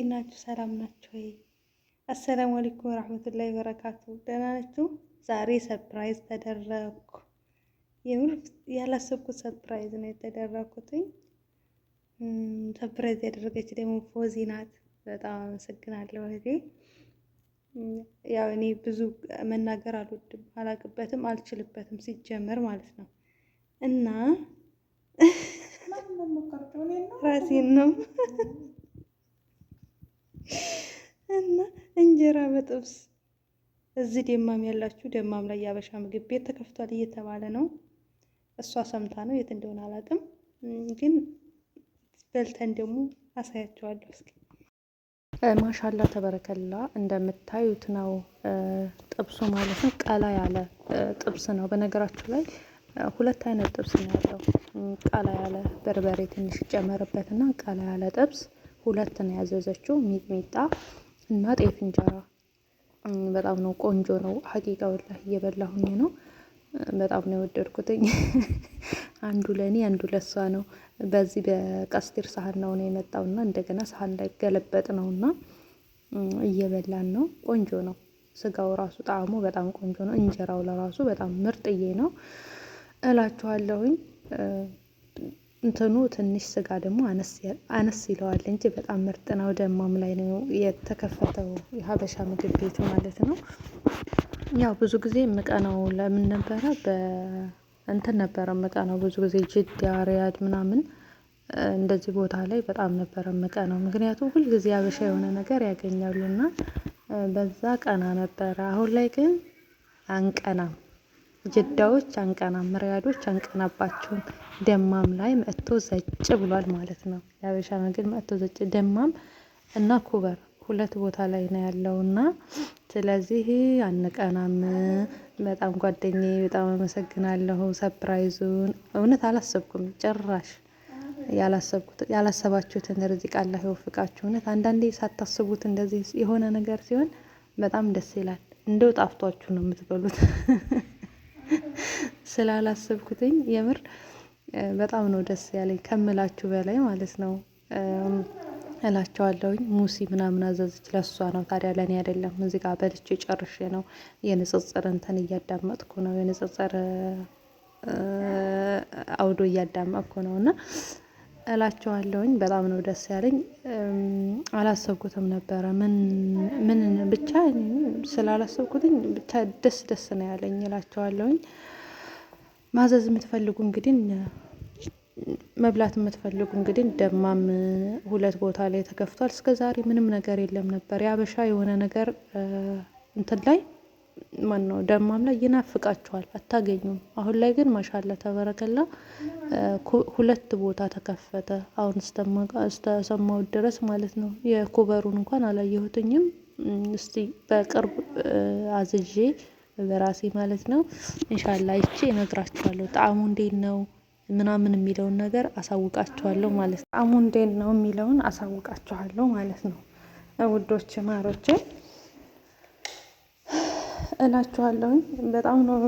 እንዴት ናችሁ? ሰላም ናችሁ ወይ? አሰላሙ አለይኩም ወራህመቱላሂ ወበረካቱ። ደህና ናችሁ? ዛሬ ሰርፕራይዝ ተደረኩ። የምር ያላሰብኩት ሰርፕራይዝ ነው የተደረኩትኝ። ሰርፕራይዝ ያደረገች ደግሞ ፎዚ ናት። በጣም አመሰግናለሁ እህቴ። ያው እኔ ብዙ መናገር አልወድም፣ አላቅበትም፣ አልችልበትም ሲጀመር ማለት ነው እና ራሴን ነው እና እንጀራ በጥብስ እዚህ ደማም ያላችሁ ደማም ላይ የአበሻ ምግብ ቤት ተከፍቷል እየተባለ ነው። እሷ ሰምታ ነው የት እንደሆነ አላውቅም፣ ግን በልተን ደግሞ አሳያቸዋለሁ። እስኪ ማሻላ ተበረከላ እንደምታዩት ነው ጥብሱ ማለት ነው። ቀላ ያለ ጥብስ ነው። በነገራችሁ ላይ ሁለት አይነት ጥብስ ነው ያለው። ቀላ ያለ በርበሬ ትንሽ ይጨመርበትና ቀላ ያለ ጥብስ ሁለት ነው ያዘዘችው፣ ሚጥሚጣ እና ጤፍ እንጀራ። በጣም ነው ቆንጆ ነው ሀቂቃ ወላሂ እየበላሁኝ ነው። በጣም ነው የወደድኩትኝ። አንዱ ለእኔ አንዱ ለሷ ነው። በዚህ በቀስቲር ሳህን ነው ነው እና እንደገና ሳህን ላይ ገለበጥ ነውና እየበላን ነው። ቆንጆ ነው ስጋው ራሱ ጣዕሙ በጣም ቆንጆ ነው። እንጀራው ለራሱ በጣም ምርጥዬ ነው እላችኋለሁኝ። እንትኑ ትንሽ ስጋ ደግሞ አነስ ይለዋል እንጂ በጣም ምርጥ ነው። ደማም ላይ ነው የተከፈተው የሀበሻ ምግብ ቤቱ ማለት ነው። ያው ብዙ ጊዜ ምቀነው ለምን ነበረ እንትን ነበረ የምቀናው ብዙ ጊዜ ጅዳ፣ ሪያድ ምናምን እንደዚህ ቦታ ላይ በጣም ነበረ የምቀናው። ምክንያቱም ሁልጊዜ ሀበሻ የሆነ ነገር ያገኛሉ እና በዛ ቀና ነበረ። አሁን ላይ ግን አንቀናም። ጀዳዎች አንቀናም፣ መርጋዶች አንቀናባቸውም። ደማም ላይ መጥቶ ዘጭ ብሏል ማለት ነው። የሀበሻ ምግብ መጥቶ ዘጭ፣ ደማም እና ኩበር ሁለት ቦታ ላይ ነው ያለው እና ስለዚህ አንቀናም። በጣም ጓደኛ፣ በጣም አመሰግናለሁ። ሰፕራይዙን እውነት አላሰብኩም ጭራሽ። ያላሰባችሁትን ርዚቅ አላህ ይወፍቃችሁ። እውነት አንዳንዴ ሳታስቡት እንደዚህ የሆነ ነገር ሲሆን በጣም ደስ ይላል። እንደው ጣፍቷችሁ ነው የምትበሉት። ስላላሰብኩትኝ የምር በጣም ነው ደስ ያለኝ ከምላችሁ በላይ ማለት ነው እላቸዋለሁኝ። ሙሲ ምናምን አዘዘች ለእሷ ነው ታዲያ ለእኔ አይደለም። እዚህ ጋር በልቼ ጨርሼ ነው የንጽጽር እንትን እያዳመጥኩ ነው የንጽጽር አውዶ እያዳመጥኩ ነው እና እላቸዋለሁኝ በጣም ነው ደስ ያለኝ። አላሰብኩትም ነበረ ምን ብቻ ስላላሰብኩትኝ ብቻ ደስ ደስ ነው ያለኝ እላቸዋለሁኝ። ማዘዝ የምትፈልጉ እንግዲህ መብላት የምትፈልጉ እንግዲህ ደማም ሁለት ቦታ ላይ ተከፍቷል። እስከ ዛሬ ምንም ነገር የለም ነበር። የአበሻ የሆነ ነገር እንትን ላይ ማን ነው ደማም ላይ ይናፍቃችኋል፣ አታገኙም። አሁን ላይ ግን ማሻላ ተበረከላ ሁለት ቦታ ተከፈተ። አሁን እስተሰማው ድረስ ማለት ነው። የኩበሩን እንኳን አላየሁትኝም። እስቲ በቅርብ አዝዤ በራሴ ማለት ነው። እንሻላ ይቼ እነግራችኋለሁ ጣዕሙ እንዴት ነው ምናምን የሚለውን ነገር አሳውቃችኋለሁ ማለት ነው። ጣዕሙ እንዴት ነው የሚለውን አሳውቃችኋለሁ ማለት ነው። ውዶች ማሮችን እላችኋለሁኝ በጣም ነው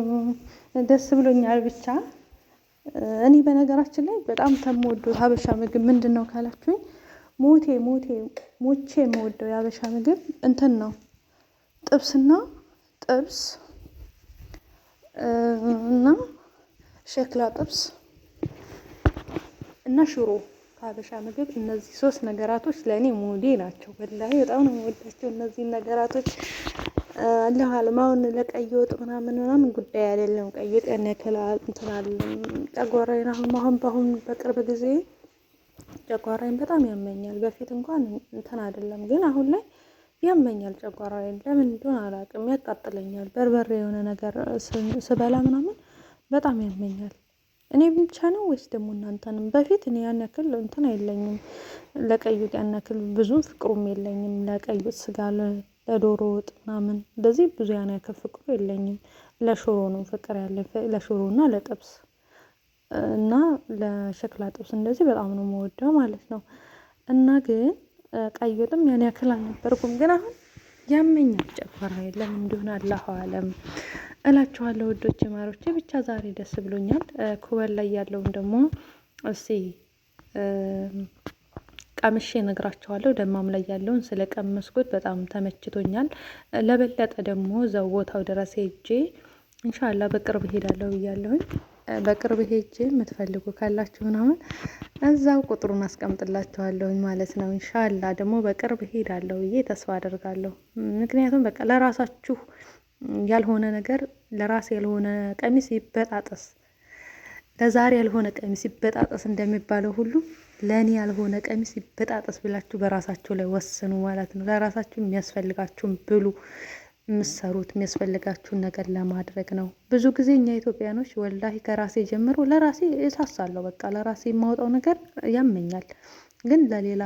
ደስ ብሎኛል። ብቻ እኔ በነገራችን ላይ በጣም ከምወዱ ሀበሻ ምግብ ምንድን ነው ካላችሁኝ ሞቴ ሞቴ ሞቼ የምወደው የሀበሻ ምግብ እንትን ነው ጥብስና ጥብስ እና ሸክላ ጥብስ እና ሽሮ ሀበሻ ምግብ እነዚህ ሶስት ነገራቶች ለእኔ ሙዴ ናቸው። በላይ በጣም ነው የምወዳቸው እነዚህ ነገራቶች። አለኋልም አሁን ለቀይ ወጥ ምናምን ምናምን ጉዳይ አይደለም። ቀይ ወጥ ያን ያክል እንትን ጨጓራዬን አሁን አሁን በአሁን በቅርብ ጊዜ ጨጓራዬን በጣም ያመኛል። በፊት እንኳን እንትን አይደለም፣ ግን አሁን ላይ ያመኛል ጨጓራዬን ለምን እንደሆነ አላውቅም፣ ያቃጥለኛል። በርበሬ የሆነ ነገር ስበላ ምናምን በጣም ያመኛል። እኔ ብቻ ነው ወይስ ደግሞ እናንተንም? በፊት እኔ ያን ያክል እንትን አይለኝም ለቀይ ወጥ ያን ያክል ብዙም ፍቅሩም የለኝም ለቀይ ወጥ ስጋ፣ ለዶሮ ወጥ ምናምን እንደዚህ ብዙ ያን ያክል ፍቅሩ የለኝም። ለሽሮ ነው ፍቅር ያለኝ ለሽሮ እና ለጥብስ እና ለሸክላ ጥብስ እንደዚህ በጣም ነው መወደው ማለት ነው እና ግን ቀይ ወጥም ያን ያክል አልነበርኩም፣ ግን አሁን ያመኛል ጨጓራዬ። የለም እንደሆነ አላሁ አለም እላችኋለሁ። ውዶች ማሮቼ፣ ብቻ ዛሬ ደስ ብሎኛል። ኩበል ላይ ያለውን ደግሞ እስቲ ቀምሼ እነግራችኋለሁ። ደማም ላይ ያለውን ስለ ቀመስኩት በጣም ተመችቶኛል። ለበለጠ ደግሞ ዘው ቦታው ድረስ ሄጄ እንሻላ በቅርብ ሄዳለሁ ብያለሁኝ። በቅርብ ሄጄ የምትፈልጉ ካላችሁ ምናምን እዛው ቁጥሩን አስቀምጥላችኋለሁኝ ማለት ነው። ኢንሻላ ደግሞ በቅርብ ሄዳለሁ ብዬ ተስፋ አደርጋለሁ። ምክንያቱም በቃ ለራሳችሁ ያልሆነ ነገር ለራስ ያልሆነ ቀሚስ ይበጣጠስ፣ ለዛሬ ያልሆነ ቀሚስ ይበጣጠስ እንደሚባለው ሁሉ ለእኔ ያልሆነ ቀሚስ ይበጣጠስ ብላችሁ በራሳችሁ ላይ ወስኑ ማለት ነው። ለራሳችሁ የሚያስፈልጋችሁን ብሉ። የምትሰሩት የሚያስፈልጋችሁን ነገር ለማድረግ ነው። ብዙ ጊዜ እኛ ኢትዮጵያኖች ወላሂ ከራሴ ጀምሮ ለራሴ እሳሳለሁ። በቃ ለራሴ የማውጣው ነገር ያመኛል፣ ግን ለሌላ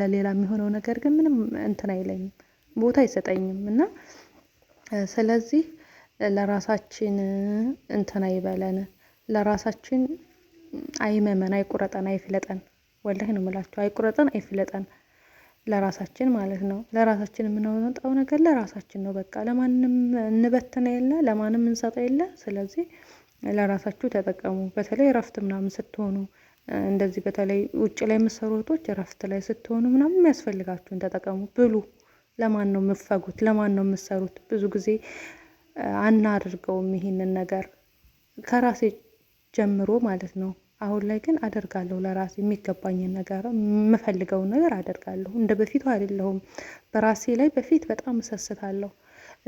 ለሌላ የሚሆነው ነገር ግን ምንም እንትን አይለኝም፣ ቦታ አይሰጠኝም። እና ስለዚህ ለራሳችን እንትን አይበለን፣ ለራሳችን አይመመን፣ አይቁረጠን፣ አይፍለጠን። ወላሂ ነው የምላችሁ አይቁረጠን፣ አይፍለጠን። ለራሳችን ማለት ነው። ለራሳችን የምናወጣው ነገር ለራሳችን ነው። በቃ ለማንም እንበትና የለ ለማንም እንሰጠ የለ። ስለዚህ ለራሳችሁ ተጠቀሙ። በተለይ እረፍት ምናምን ስትሆኑ እንደዚህ በተለይ ውጭ ላይ የምትሰሩ እህቶች እረፍት ላይ ስትሆኑ ምናምን የሚያስፈልጋችሁን ተጠቀሙ፣ ብሉ። ለማን ነው የምፈጉት? ለማን ነው የምትሰሩት? ብዙ ጊዜ አናድርገውም ይሄንን ነገር ከራሴ ጀምሮ ማለት ነው። አሁን ላይ ግን አደርጋለሁ። ለራሴ የሚገባኝን ነገር የምፈልገውን ነገር አደርጋለሁ። እንደ በፊቱ አይደለሁም። በራሴ ላይ በፊት በጣም እሰስታለሁ።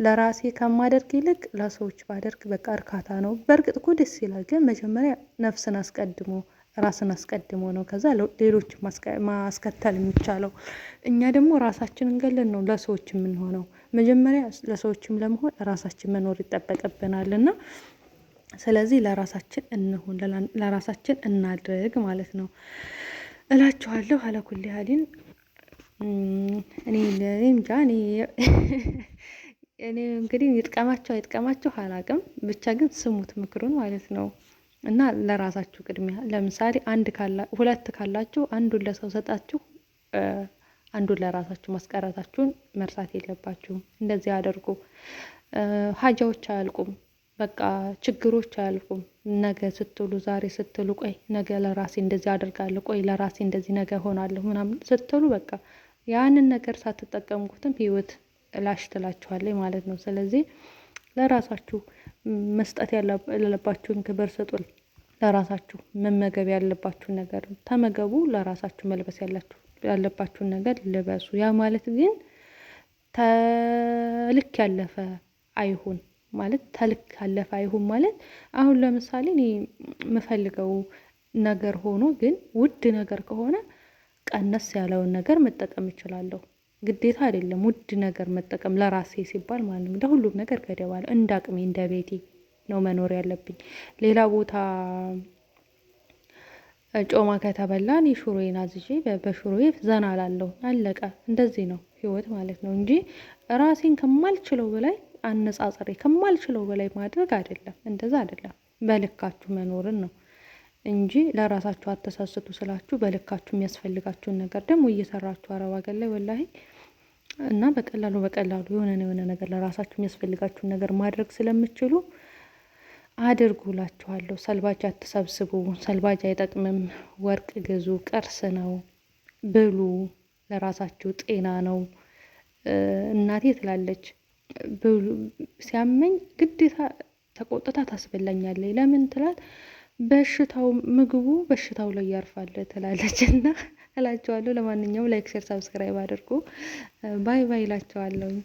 ለራሴ ከማደርግ ይልቅ ለሰዎች ባደርግ በቃ እርካታ ነው። በእርግጥ እኮ ደስ ይላል፣ ግን መጀመሪያ ነፍስን አስቀድሞ ራስን አስቀድሞ ነው ከዛ ሌሎች ማስከተል የሚቻለው። እኛ ደግሞ ራሳችንን ገለን ነው ለሰዎች የምንሆነው። መጀመሪያ ለሰዎችም ለመሆን ራሳችን መኖር ይጠበቅብናል እና ስለዚህ ለራሳችን እንሁን፣ ለራሳችን እናድርግ ማለት ነው እላችኋለሁ። አለኩል ያህሊን እኔ እንጃ እኔ እኔ እንግዲህ ይጥቀማቸው አይጥቀማቸው አላቅም፣ ብቻ ግን ስሙት ምክሩን ማለት ነው እና ለራሳችሁ ቅድሚያ። ለምሳሌ አንድ ሁለት ካላችሁ አንዱን ለሰው ሰጣችሁ አንዱን ለራሳችሁ ማስቀረታችሁን መርሳት የለባችሁም። እንደዚህ አደርጉ፣ ሀጃዎች አያልቁም። በቃ ችግሮች አያልፉም። ነገ ስትሉ ዛሬ ስትሉ ቆይ ነገ ለራሴ እንደዚህ አደርጋለሁ፣ ቆይ ለራሴ እንደዚህ ነገ ሆናለሁ ምናምን ስትሉ በቃ ያንን ነገር ሳትጠቀምኩትም ህይወት ላሽ ትላችኋለች ማለት ነው። ስለዚህ ለራሳችሁ መስጠት ያለባችሁን ክብር ስጡ። ለራሳችሁ መመገብ ያለባችሁን ነገር ተመገቡ። ለራሳችሁ መልበስ ያለባችሁን ነገር ልበሱ። ያ ማለት ግን ተልክ ያለፈ አይሁን። ማለት ተልክ ካለፈ አይሁን ማለት አሁን ለምሳሌ እኔ የምፈልገው ነገር ሆኖ ግን ውድ ነገር ከሆነ ቀነስ ያለውን ነገር መጠቀም እችላለሁ። ግዴታ አይደለም ውድ ነገር መጠቀም ለራሴ ሲባል ማለት ነው። ለሁሉም ነገር ገደብ አለው። እንደ አቅሜ እንደ ቤቴ ነው መኖር ያለብኝ። ሌላ ቦታ ጮማ ከተበላ እኔ ሽሮዬን አዝዤ በሹሮዬ ዘና እላለሁ። አለቀ። እንደዚህ ነው ህይወት ማለት ነው እንጂ ራሴን ከማልችለው በላይ አነጻጽሬ ከማልችለው በላይ ማድረግ አይደለም፣ እንደዛ አይደለም። በልካችሁ መኖርን ነው እንጂ ለራሳችሁ አተሳስቱ ስላችሁ በልካችሁ የሚያስፈልጋችሁን ነገር ደግሞ እየሰራችሁ አረብ አገር ላይ ወላሂ እና በቀላሉ በቀላሉ የሆነ የሆነ ነገር ለራሳችሁ የሚያስፈልጋችሁን ነገር ማድረግ ስለምችሉ አድርጉላችኋለሁ። ሰልባጅ አትሰብስቡ፣ ሰልባጅ አይጠቅምም። ወርቅ ግዙ፣ ቅርስ ነው፣ ብሉ፣ ለራሳችሁ ጤና ነው እናቴ ትላለች። ሲያመኝ ግዴታ ተቆጥታ ታስበላኛለች። ለምን ትላት በሽታው ምግቡ በሽታው ላይ ያርፋል ትላለች። እና እላቸዋለሁ። ለማንኛውም ላይክ፣ ሼር፣ ሳብስክራይብ አድርጉ። ባይ ባይ እላቸዋለሁኝ።